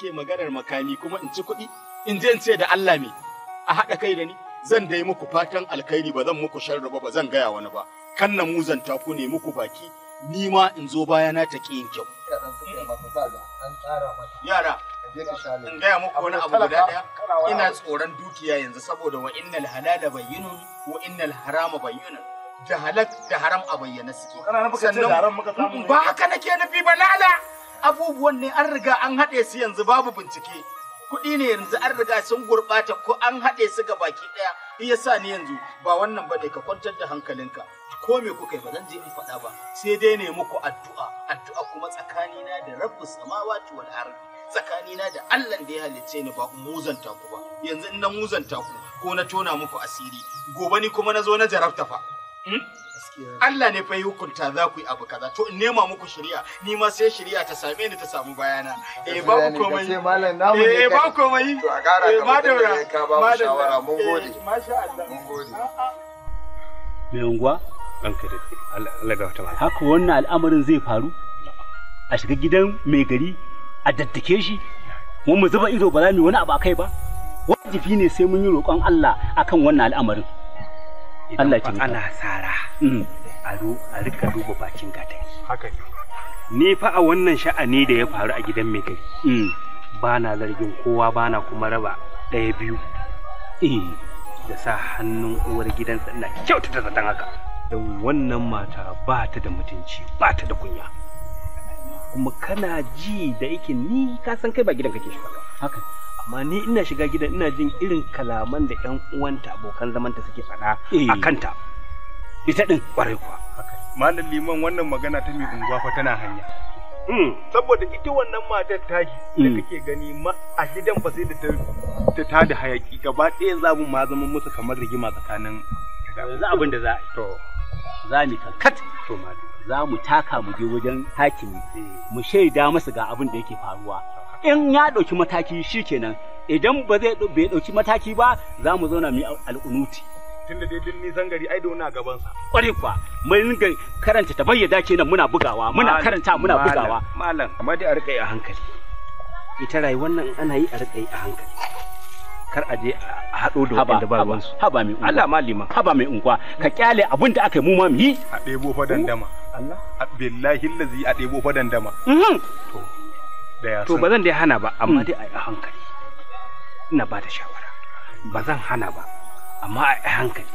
ke maganar makami kuma in ci kuɗi in je ce da Allah me a haɗa kai da ni zan dai muku fatan alkhairi ba zan muku sharri ba ba zan gaya wani ba kan na muzanta ku ne muku baki ni ma in zo baya na ta yin kyau yara in gaya muku wani abu guda ɗaya ina tsoron dukiya yanzu saboda wa innal halala bayyinun wa innal harama bayyinun da halak da haram a bayyana suke sannan ba haka nake nufi ba lala abubuwan ne an riga an haɗe su yanzu babu bincike kuɗi ne yanzu an riga sun gurɓata ko an haɗe su ga baki ɗaya iya sa ni yanzu ba wannan ba dai ka kwantar da hankalinka ko me kuka yi ba zan je in faɗa ba sai dai ne muku addu'a addu'a kuma tsakanina da rabbu samawati wal ardi tsakanina da Allah da ya halicce ni ba muzanta ku ba yanzu in na muzanta ku ko na tona muku asiri gobe ni kuma na zo na jarabta fa hmm? Allah ne fa yi hukunta za ku yi abu kaza to in nema muku shari'a ni ma sai shari'a ta same ni ta samu bayana eh ba ku komai eh ba ku komai to a gara eh, ga madara ka ba da shawara mun eh, gode masha Allah mun gode me unguwa ranka da Allah ga wata haka wannan al'amarin zai faru a shiga gidan mai gari a daddake shi mu mu zuba ido ba za mu yi wani abu akai ba wajibi ne sai mun yi roƙon Allah akan wannan al'amarin Allah ana sara mm. a duba bakin gatari ni fa a wannan sha'ani da ya faru a gidan mai gari mm, ba na zargin kowa ba na kuma raba ɗaya biyu eh, da sa hannun uwar gidan na kyautata zaton haka don wannan mata ba ta da mutunci ba ta da kunya kuma kana ji da yake ni ka san kai ba gidan kake shi haka amma ni ina shiga gidan ina jin irin kalaman da yan uwanta abokan zamanta suke faɗa eh. a kanta ita din kwarai kuwa malam liman wannan magana ta mai unguwa fa tana hanya hmm. saboda ita wannan matar shi da hmm. kake gani ma a gidan ba sai da ta ta da hayaki gaba ɗaya za mu ma zama musu kamar rigima tsakanin yanzu abin da za to za mu kankat to malam za mu taka mu je wajen hakimi eh. mu shaida masa ga abin da yake faruwa in ya ɗauki mataki shi kenan idan ba zai bai ɗauki mataki ba za mu zauna mu al'unuti tunda dai din nisan gari ai dauna gaban sa kwarai kuwa mai ringa karanta ta bayyada kenan muna bugawa muna karanta muna bugawa malam amma dai a rikai a hankali ita rayuwar nan ana yi a rikai a hankali kar a je a haɗo da wanda ba ruwan su haba mai unguwa Allah malima haba mai unguwa ka kyale abin da aka yi mu ma mu yi a ɗebo fa dandama oh, Allah billahi allazi a ɗebo fa dandama mhm. to to ba zan dai hana ba amma hmm. dai a hankali ina ba da shawara ba zan hana ba amma a hankali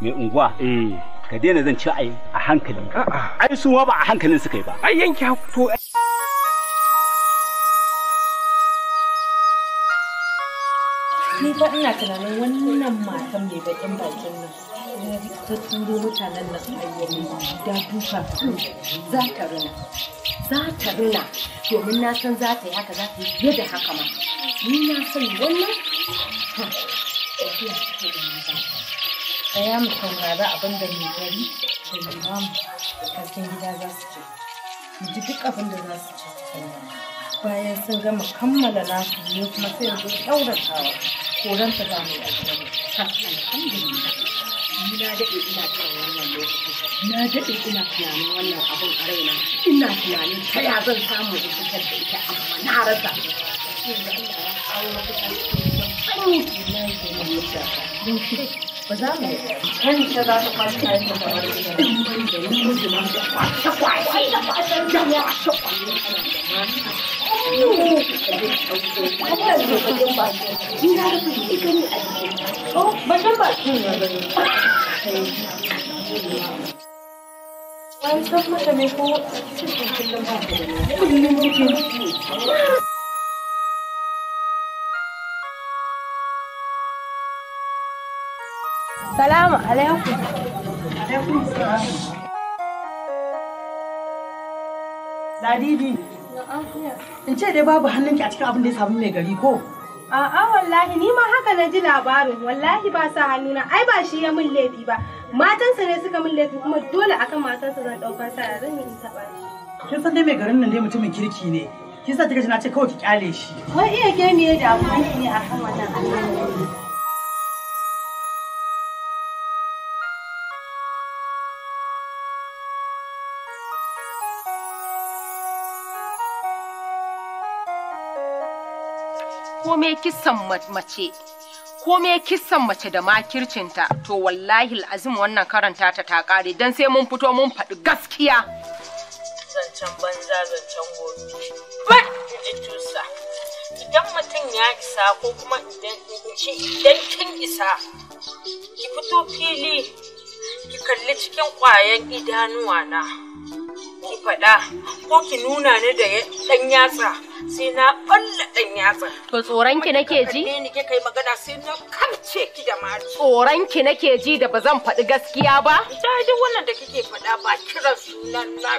mai unguwa eh ka daina zan ci a hankali ai su ma ba a hankalin suka yi ba ai yanki to ni fa ina tunanin wannan matan mai bakin bakin nan ina ta turo mutanen nan ayyami da duka za ta rina za ta rina domin na san za ta yi haka za ta yi fiye da haka ma ni na san wannan Tsaya mu saurari abin da mai gari da limamu mu karfin gida za su ce. Mu ji duk abin da za su ce bayan sun gama kammala nasu ne kuma sai yanzu ɗaura kawa. ta za mu alhamdulillah na daɗe ina wannan lokaci na daɗe ina tunanin wannan abun a raina ina tunanin ta ya zan samu in da ita amma na rasa na ba za mu yi wani ta za ta kwashi kayan da da Salamu alaikum. Alaikum salam. Ladidi. In ce dai babu hannunki a cikin abin da ya samu mai gari ko? A'a wallahi ni ma haka na ji labarin wallahi ba sa hannuna ai ba shi ya min laifi ba matansa ne suka min laifi kuma dole akan matansa zan ɗaukar sa zan yi ta shi. Kin san dai mai garin nan dai mutumin kirki ne kin sa kika ji na ce kawai ki kyale shi. Wai iya ke me ya damu ne akan wannan al'amari. kome kisan mace kome kisan mace da makircinta to wallahi azim wannan karanta ta ta kare dan sai mun fito mun faɗi gaskiya zancen banza zancen gobe ba idan mutum ya isa ko kuma idan kin isa ki fito fili ki kalli cikin kwayan idanuwa na ki faɗa ko ki nuna ni da ɗan yatsa sai na ɓalla ɗan yatsa. To tsoron ki nake ji? Ni ke kai magana sai na kamce ki da ma. Tsoron ki nake ji da ba zan faɗi gaskiya ba? duk wannan da kike faɗa ba sunan na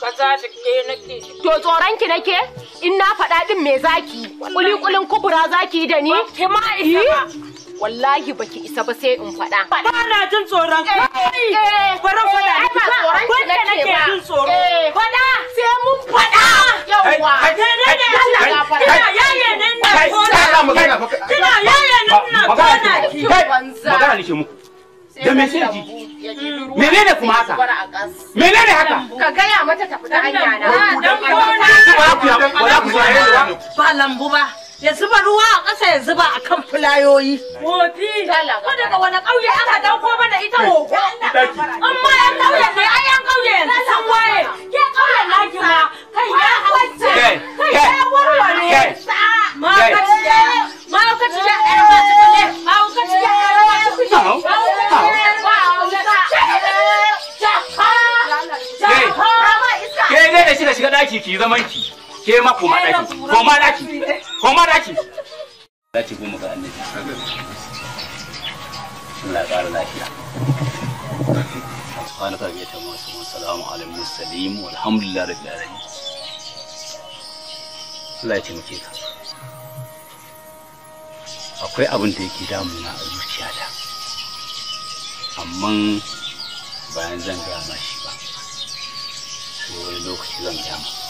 kaza da ke nake. To tsoron ki nake? In na faɗa ɗin me zaki? Kuli kulin kubura zaki da ni? ma isa ba. Eh? wallahi baki isa ba sai in faɗa. Ba na jin tsoron eh, kai. Eh, Bari faɗa eh, ba tsoron ki nake ba. jin tsoro. Faɗa sai mun faɗa. Yawwa. Kai ne ne Allah ya faɗa. Kina yaye nan na kona. Kina yaye nan na kona ki banza. Magana nake muku. Da me sai ji? Menene kuma haka? Menene haka? Ka gaya mata ta fita hanya na. Ba ku ba Ba lambu ba. ya zuba ruwa a ƙasa ya zuba a kan fulayoyi. Wofi, ko daga wani ƙauye aka dauko mana ita hoho. An ma yan ƙauye ne, ai yan ƙauye yanzu sun waye. Ke na ki ma, kai ya wacce, kai ya warware. Ma'aukaciya, ma'aukaciya ƴar masu kule, ma'aukaciya ƴar masu kule, ma'aukaciya ƴar masu kule. Ke ne da shiga shiga ɗaki ki zaman ki. ke ma koma daki koma daki koma daki za ki goma ga annabi Allah ya ƙara lafiya سبحانك wa تمام والسلام على المرسلين والحمد لله رب العالمين Allah ya taimake ka akwai abin da yake damuna a zuciyata amma bayan zan gama shi ba wani lokaci zan gama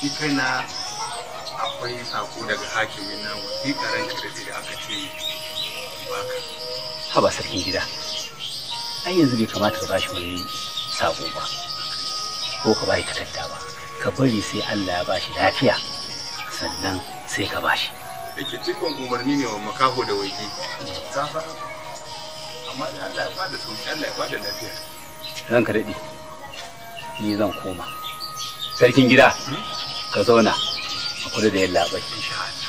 shi kaina akwai sako daga hakimi na wasiƙa ranka da da aka ce baka haba sarkin gida ai yanzu bai kamata ka bashi wani sako ba ko ka bashi takarda ba ka bari sai Allah ya bashi lafiya sannan sai ka bashi da cikin umarni ne wa makaho da waje ta amma da Allah ya bada sauki Allah ya bada lafiya ranka daɗi, ni zan koma sarkin gida hmm? ka zauna a kudu da yalla bai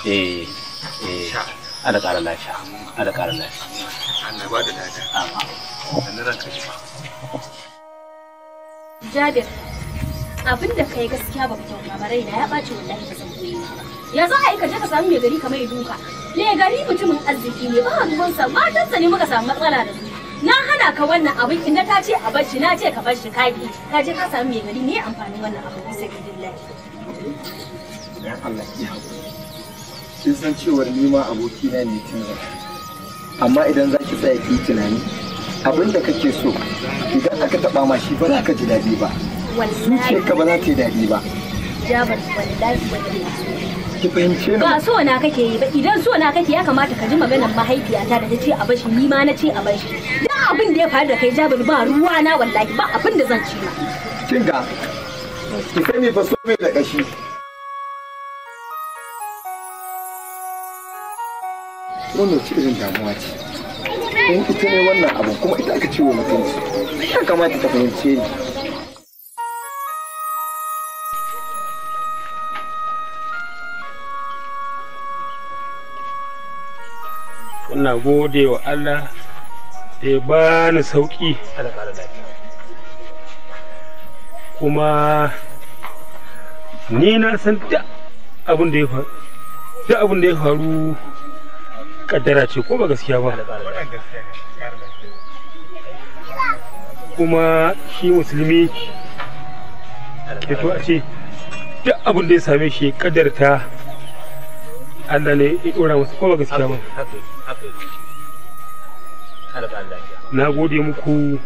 eh eh ana ƙara lafiya ana ƙara lafiya Allah ba da lafiya amma sannan ranka ji ba Jabir abin da kai gaskiya ba kyau ba rai na ya ɓaci wallahi ka zan koyi ba ya za a yi ka je ka samu mai gari kamar duka mai gari mutumin arziki ne ba ruwansa matansa ne muka samu matsala da su na hana ka wannan abin inda ta ce a bar shi na ce ka bar shi ka ka je ka samu mai gari ne amfanin wannan abin bisa gidan lafiya haƙuri dan Allah ki haƙuri kin san cewar ni ma abokina ne tun amma idan za ki tsaya ki tunani abinda da kake so idan aka taɓa ma shi ba za ka ji daɗi ba ce ka ba za ta yi daɗi ba jabar wallahi wallahi ki fahimce ni ba so na kake yi ba idan so na kake ya kamata ka ji maganar mahaifiyata da ta ce a bashi ni ma na ce a bashi dan abin da ya faru da kai jabir ba ruwa na wallahi ba abin da zan ci ma kin ga ki sani fa so mai da kashi wannan ci irin damuwa ce in ita ne wannan abu kuma ita aka ciwo mutunci ya kamata ta fahimce ni ina gode wa Allah da ya bani sauki da ƙara lafiya kuma ni na san duk abin da ya faru duk abin da ya faru kaddara ce ko ba gaskiya ba kuma shi musulmi ke to a ce duk abin da ya same shi kaddarta Allah ne ya dora masa ko ba gaskiya ba na gode muku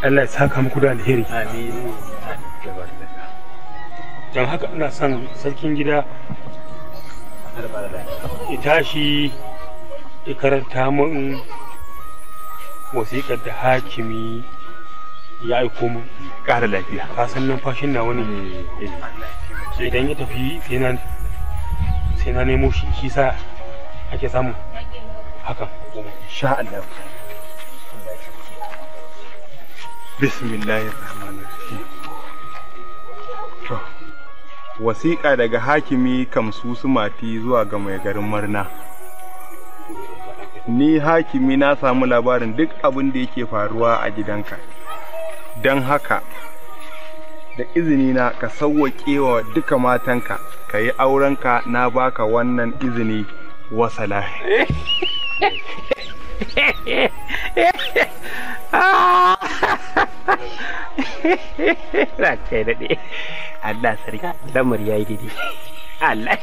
Allah ya saka muku da alheri amin don haka ina son sarkin gida ya tashi ya karanta min wasiƙar da hakimi ya aiko min ƙara lafiya ka san numfashin na wani eh. idan ya tafi sai na nemo shi sa ake samun hakan sha Allah bismillahir rahmanir rahim wasiƙa daga hakimi kamsu mati zuwa ga mai garin murna ni hakimi na samu labarin duk abin da yake faruwa a gidanka don haka da izini na ka sauwaƙe wa duka matanka ka yi aurenka na baka wannan izini wasala Ra kai daɗe. Allah sarki lamar ya yi Allah.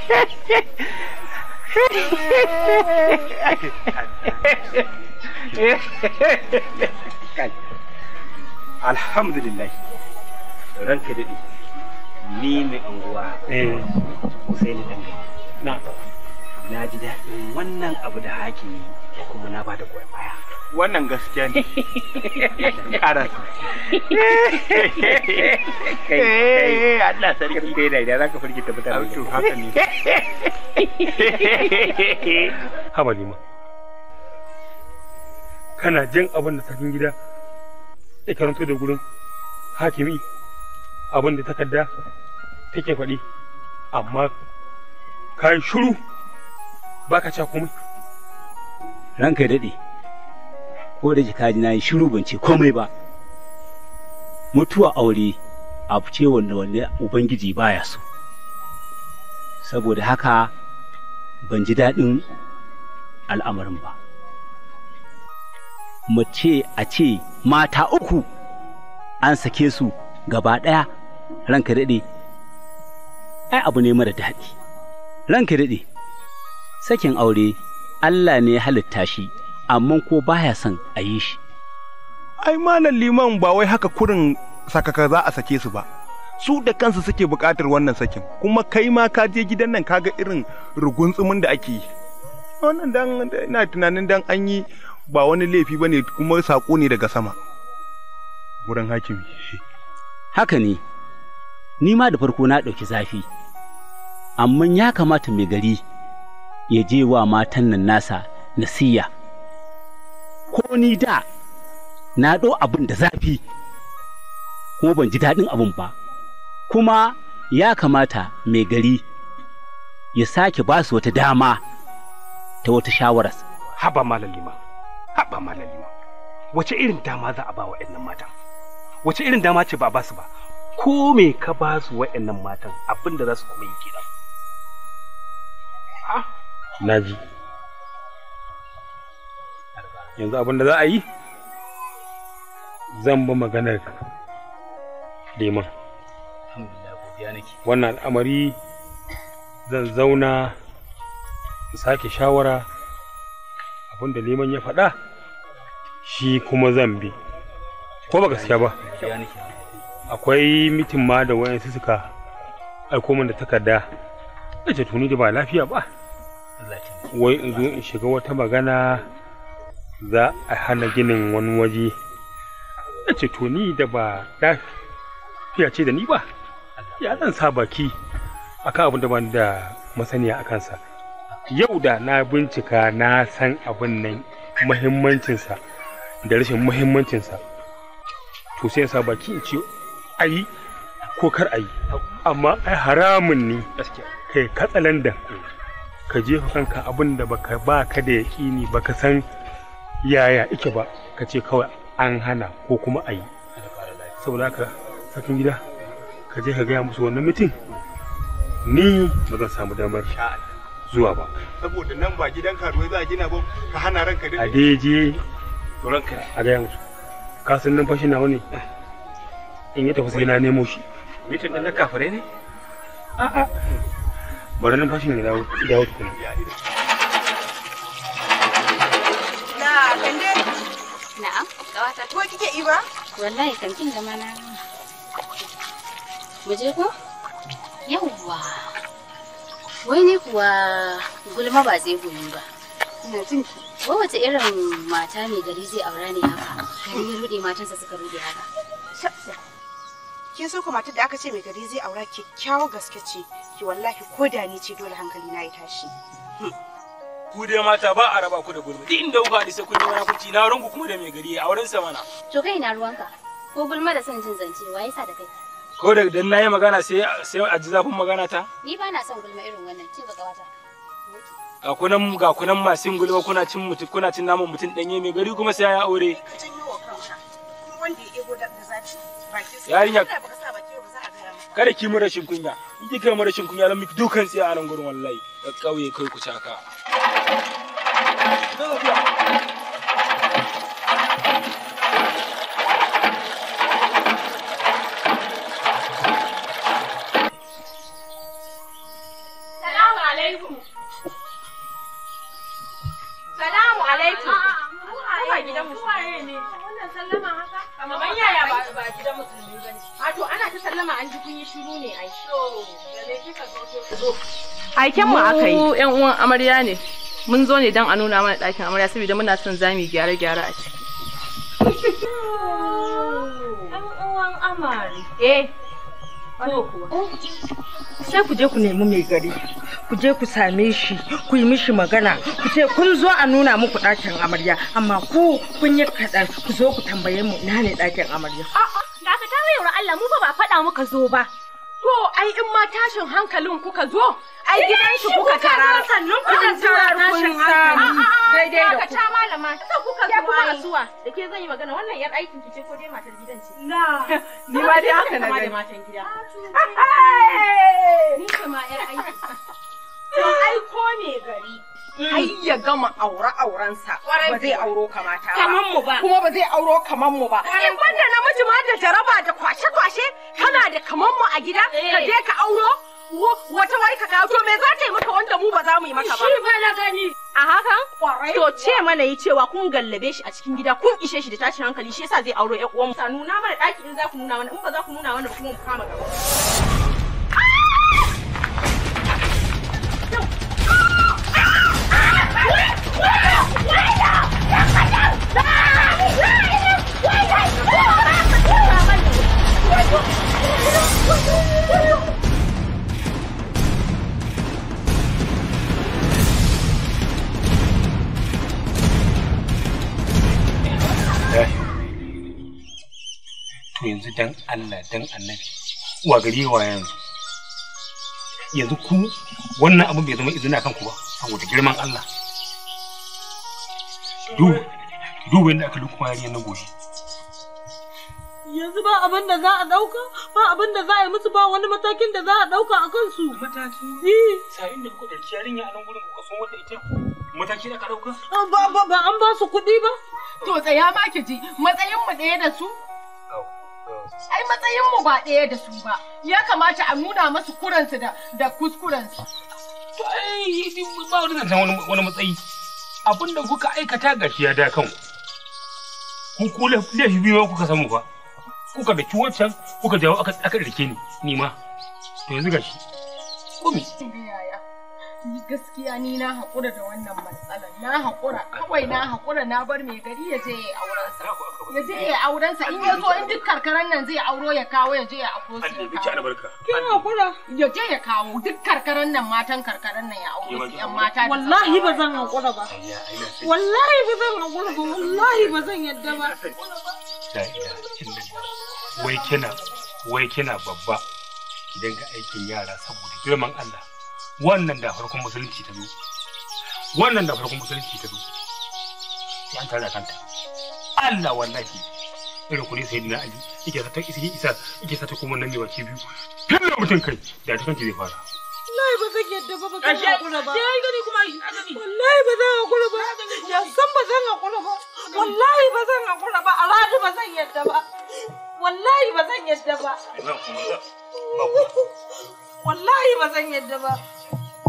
Alhamdulillah. Ranka daɗe. Ni mai unguwa. Eh. dangane. Na. na ji daɗin wannan abu da haƙi kuma na bada goyon baya wannan gaskiya ne ƙara su eh. Allah sarki kai da idan zaka firgita mutane haka ne haba lima kana jin abin da sakin gida ya karanto da gurin hakimi abin da takarda take faɗi amma kan shuru ba cewa komai ranka ya daɗe ko da ji na yi shiru ban ce komai ba mutuwa aure abu ce wanda wanda ubangiji baya so saboda haka ban ji daɗin al'amarin ba mace a ce mata uku an sake su gaba ɗaya ranka daɗe ai abu ne mara daɗi ranka daɗe sakin aure Allah ne ya halitta shi amma ko baya son a yi shi ai malam liman ba wai haka kurin sakaka za a sake su ba su da kansu suke buƙatar wannan sakin kuma kai ma ka je gidan nan kaga irin tsumin da ake yi wannan dan ina tunanin dan an yi ba wani laifi ba ne kuma saƙo ne daga sama wurin hakimi haka ne ni ma da farko na ɗauki zafi amma ya kamata mai gari ya je wa matan nan nasa nasiya ko ni da na ɗo abin da zafi ko ban ji daɗin abin ba kuma ya kamata mai gari ya sake ba su wata dama ta wata shawaras haba malalima haba malalima wace irin dama za a ba wa nan matan wace irin dama ce ba ba su ba ko me ka ba su nan matan abin da za su kuma yi kenan ah, na ji yanzu abin za a yi zan ba maganar leman wannan al'amari zan zauna sake shawara abin da ya faɗa shi kuma zan bi ko ba gaskiya ba akwai mitin ma da wayan suka aiko min da takarda ce tuni da ba lafiya ba wai in zo in shiga wata magana za a hana ginin wani waje Ya ce to ni da ba lafiya ce da ni ba ya zan sa baki akan abin da da masaniya a kansa yau da na bincika na san abin nan muhimmancinsa da rashin muhimmancinsa to sai sa baki in ce ayi ko kar ayi amma ai haramun ne kai katsalandan ka jefa kanka abin da baka ba ka da yaƙini baka san yaya ike ba ka ce kawai an hana ko kuma a yi saboda haka sakin gida ka je ka gaya musu wannan mutum ni ba zan samu damar zuwa ba saboda nan ba gidan karuwai za a gina ba ka hana ranka da je ranka a gaya musu ka san nan fashi nawa ne in yi tafi sai na nemo shi mitin din na kafirai ne a'a bari numfashin ya dawo dawo tukuna na kande na'am kawata ko kike iba wallahi kankin zama na mu je ko yawwa wai ne kuwa gulma ba zai goyi ba ina jin ki wace irin mata ne gari zai aura ne haka gari ya rude matansa suka rude haka kin san kuma da aka ce mai gari zai aura kyakkyawa gaske ce ki wallahi ko da ni ce dole hankali na ya tashi hmm. ku dai mata ba a raba ku da gulma duk inda kuka sai kun yi wani kuci na ranku kuma da mai gari a wurin sa mana to kai na ruwanka ko gulma da son jin zance wa yasa da kai ko da dan nayi magana sai sai a ji zafin magana ta ni ba na son gulma irin wannan cin ga kawata ga kunan ga kunan masu gulma kuna cin mutum kuna cin naman mutum danye mai gari kuma sai ya aure wanda ya ego da zafi yarinya kada ki mu rashin kunya in kika mu rashin kunya lamu dukan sai a nan gurin wallahi ka kauye kai ku caka Salamu mu. Kamar yaya ba gidan musulmi A to ana ta sallama an shiru ne ai. mu uwan amarya ne. Mun zo ne dan a nuna mana ɗakin amarya saboda muna son za mu gyara a ciki. uwan Eh. Ko Sai ku je ku nemi mai gari. ku je ku same shi ku yi mishi magana ku ce kun zo a nuna muku ɗakin amarya amma ku kun yi kaɗan ku zo ku tambaye mu na ne ɗakin amarya. Ga ka ta wayewar Allah mu ba ba faɗa muka zo ba. To ai in ma tashin hankalin kuka zo ai gidan shi kuka tara sannan kuka tarara tashin hankali daidai da ka ta malama sai kuka zuwa. Ya kuma da ke zan yi magana wannan yar aikin ki ce ko dai matar gidan ce. Na ni ma dai haka na gani. Ah, ni ma yar aiki. to aiko ne gari mm. ai ya gama aure aurensa ba zai auro kamata ba kuma ba zai auro kaman mu ba in banda namiji ma da jaraba da kwashe kwashe kana da kaman mu a gida ka eh. je ka auro wata wai ka kawo to me za ta yi maka wanda mu ba za mu yi maka ba shi ba na gani a hakan to ce mana yi cewa kun gallabe shi a cikin gida kun ishe shi da tashin hankali shi yasa zai auro ƴan uwan mu nuna mana ɗaki in za ku nuna wani in ba za ku nuna wani kuma mu kama gaba yanzu dan Allah dan annabi wa gari wa yanzu yanzu ku wannan abin bai zama izina kanku ba saboda girman Allah duba yadda aka lukuma yariyar na goshi yanzu ba abin da za a ɗauka ba abin da za a yi musu ba wani matakin da za a ɗauka a kansu mataki sa'in da kuka ɗauki yarinya a nan gurin kuka sun ita mataki da ka ah, ba an ba su kuɗi ba to tsaya ma ki ji matsayin mu ɗaya da su ai matsayin mu ba ɗaya da su ba ya kamata a nuna musu kuransu da kuskurensu to ai abin da kuka aikata ga ya da kan ku ku laifi biyo kuka samu fa kuka da ki wancan kuka jawo aka aka rike ni ni ma to yanzu gashi kumi gaskiya ni na haƙura da wannan na haƙura kawai na haƙura na bar mai gari ya je ya aurensa ya je ya aurensa in ya so in duk karkaran nan zai auro ya kawo ya je ya auro su ya kawo kin haƙura ya je ya kawo duk karkaran nan matan karkaran nan ya aure su yan mata wallahi ba zan haƙura ba wallahi ba zan haƙura ba wallahi ba zan yadda ba wai kina wai kina babba ki dinga aikin yara saboda girman Allah wannan da farkon musulunci ta zo wannan da farkon musulunci ta zo ya an tara kanta Allah wallahi irin kuri sai na ali yake sa ta isa yake sa ta kuma nan ne baki biyu filla mutun kai da ta kanta zai fara wallahi ba zan yadda ba ba zan hakura ba sai gani kuma wallahi ba zan hakura ba ya san ba zan hakura ba wallahi ba zan hakura ba Aladu ba zan yadda ba wallahi ba zan yadda ba wallahi ba zan yadda ba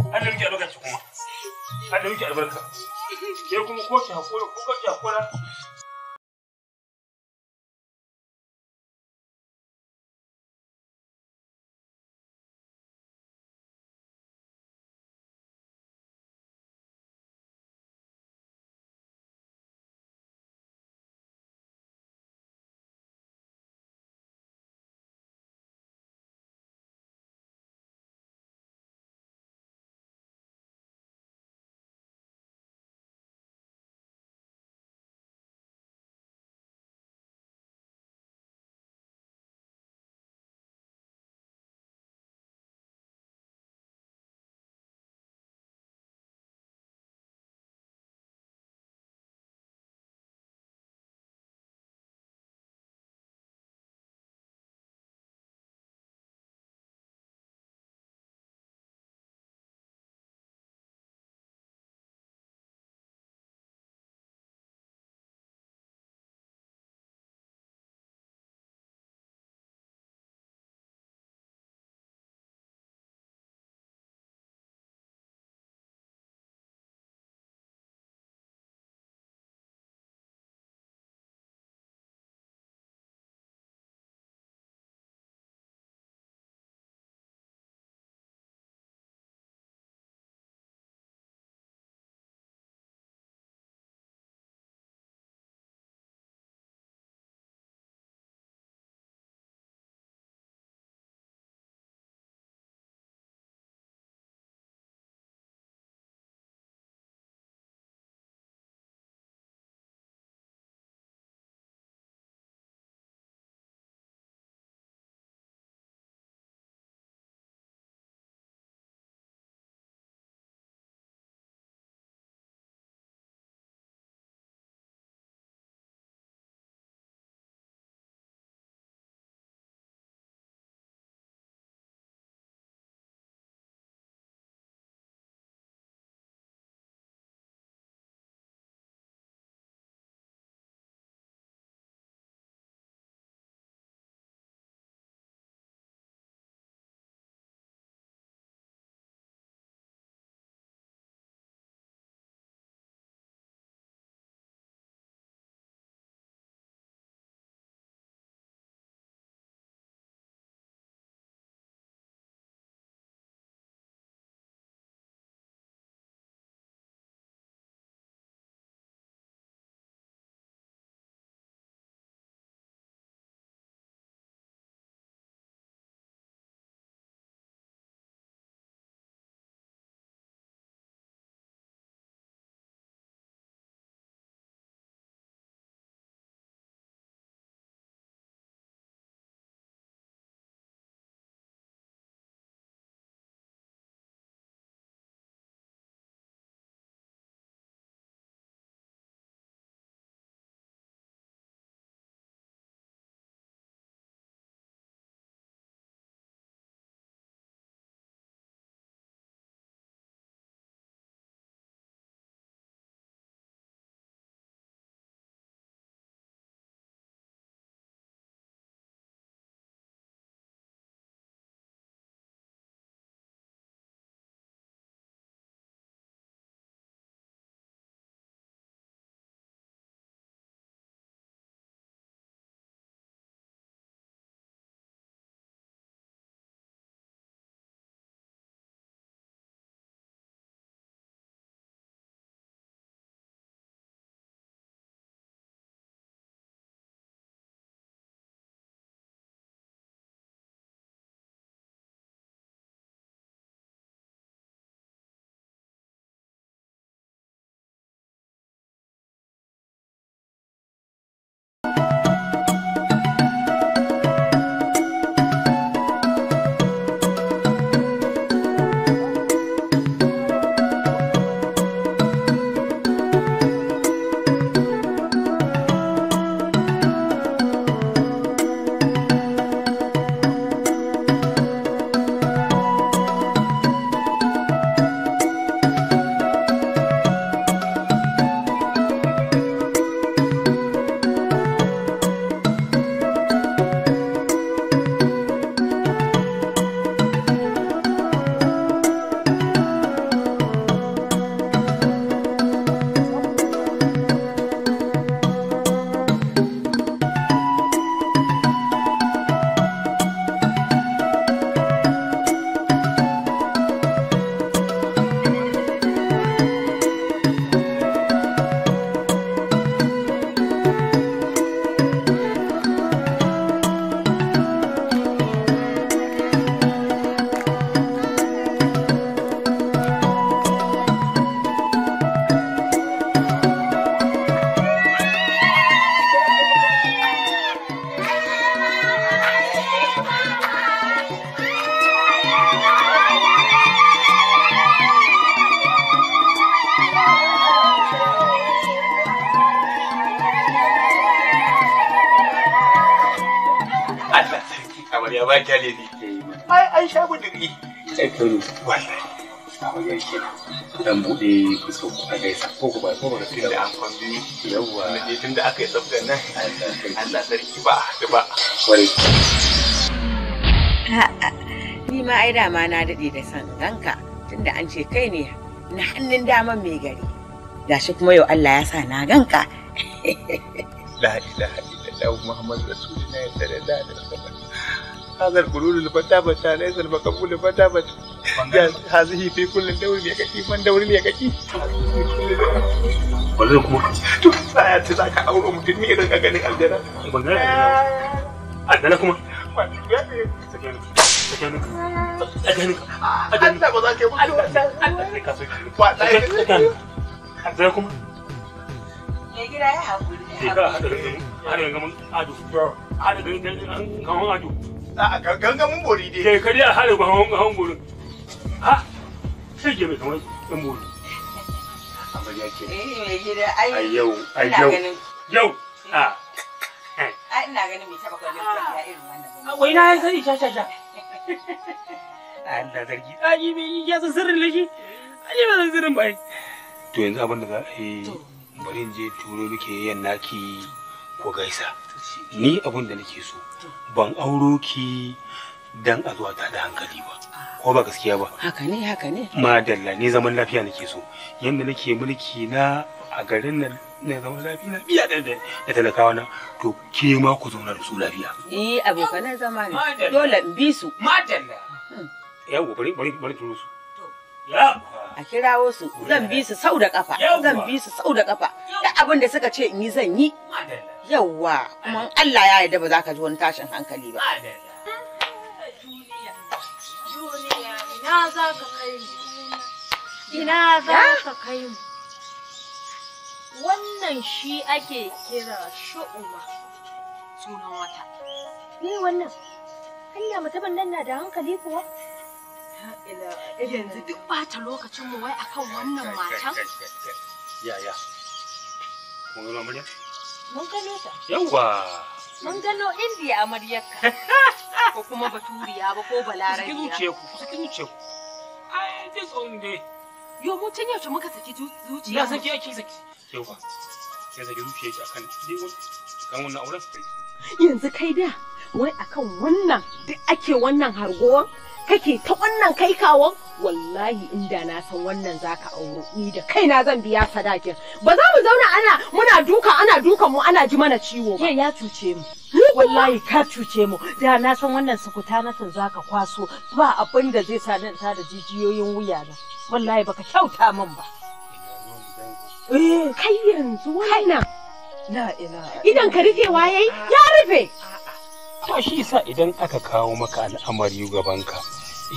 Allah ya lokaci kuma a ɗauki albarka ke kuma ko ki haƙura ko ki haƙura ba ki hali ne. Ai an sha budiri. Sai kano. Wallahi. A wajen kenan. Dan buɗe fusko a gaisa. Ko ku ba tsoro da tun da an kwambi. Yawwa. Na tun da aka yi tsaftar nan. Allah sarki ba a ba. Wai. Ni ma ai dama na daɗe da san ranka tunda an ce kai ne na hannun daman mai gari. Gashi kuma yau Allah ya sa na ganka. La ilaha illallah Muhammadu Rasulullah sallallahu alaihi wasallam. هذا الخلود الفتى فتى ليس المقبول الفتى فتى هذه في كل دور يكتي من دور يكتي wannan kuma to tsaya ta za ka auro mutum ne ka ganin aljana aljana kuma ya haƙuri ya haƙuri har yanzu mun ado har yanzu mun a gangamin bori dai kai kariya har ba hawan bori ha sai ke kamar dan bori amma ya ke eh, yau a yau yau ah ina ganin mai taba kwallon kwallon irin wannan wai na sani sha sha sha Allah zargi aji me ya san sirrin lashi aji ba san sirrin bai to yanzu abin da za a yi bari in je turo muke yan naki ko gaisa ni abin da nake so ban auro ki dan a zuwa ta da hankali ba ko ba gaskiya ba haka ne haka ne madalla ni zaman lafiya nake so yanda nake mulki na a garin nan ne zaman lafiya biya da da talakawa na to ke ma ku zauna da su lafiya eh abokan zaman dole in bi su madalla hmm. yawo bari bari bari turu su ya a kirawo su zan bi su sau da kafa zan bi su sau da kafa duk abin da suka ce in yi zan yi yawa kuma Allah ya yarda ba za ka ji wani tashin hankali ba ina za ka kai mu wannan shi ake kira shu'uma sunan wata ni wannan hanya mutumin nan na da hankali kuwa Yanzu duk bata lokacin mu wai akan wannan matan. Yaya. Kun gano Mun gano ta. Yawwa. Mun gano indiya amaryarka. Ko kuma baturiya ba ko balarabiya. ku, ku. Ai, tsohon dai. Yo, muka saki zuciya. Ya saki ake saki. Yawwa. Sai saki zuciya ki akan kan wannan auren. Yanzu kai da wai akan wannan duk ake wannan hargowan kake ta wannan kai kawon wallahi inda na san wannan zaka auro ni da kaina zan biya sadakin ba za mu zauna ana muna duka ana duka mu ana ji mana ciwo ba ya cuce mu wallahi ka cuce mu da na san wannan sukuta na san zaka kwaso ba abin da zai sa nan ta da jijiyoyin wuya na wallahi baka kyauta min ba eh kai yanzu wannan la ilaha idan ka rufe waye ya rufe ta shi sa idan aka kawo maka al'amari gabanka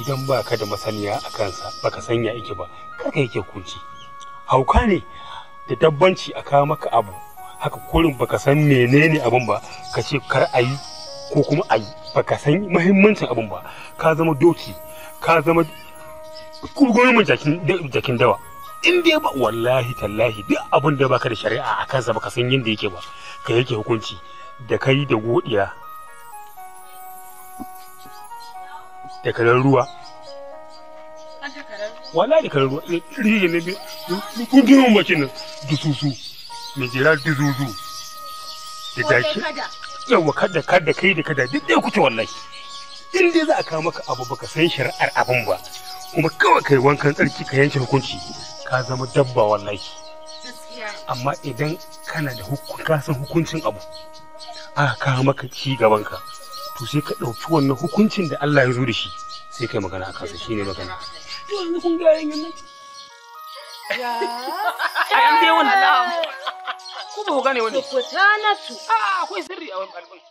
idan baka da masaniya a kansa baka sanya yake ba kaka yake kuci hauka ne da dabbanci a kawo maka abu haka kurin baka san menene abin ba ka ce kar a yi ko kuma a yi baka san muhimmancin abin ba ka zama doki ka zama kurgurumin jakin dawa in dai ba wallahi tallahi duk abin da baka da shari'a a kansa baka san yadda yake ba ka yake hukunci da kai da godiya da karar ruwa wala da karar ruwa eh, riye ne da gudun bakin dususu mai jira duzuzu da daki yawa kada kada kai da kada duk ɗaya kuce wallahi in dai za a kawo maka abu baka san shari'ar abin ba kuma kawai kai wankan tsarki ka yanke hukunci ka zama dabba wallahi amma idan kana da hukunci hukuncin abu aka kawo maka ci gaban ka to sai ka ɗauki wannan hukuncin da Allah ya zo da shi sai kai magana a kansa shine magana to yanzu kun ga yayin nan ya ai an dai wannan ku ba ku gane wani ku ta nasu a akwai sirri a wannan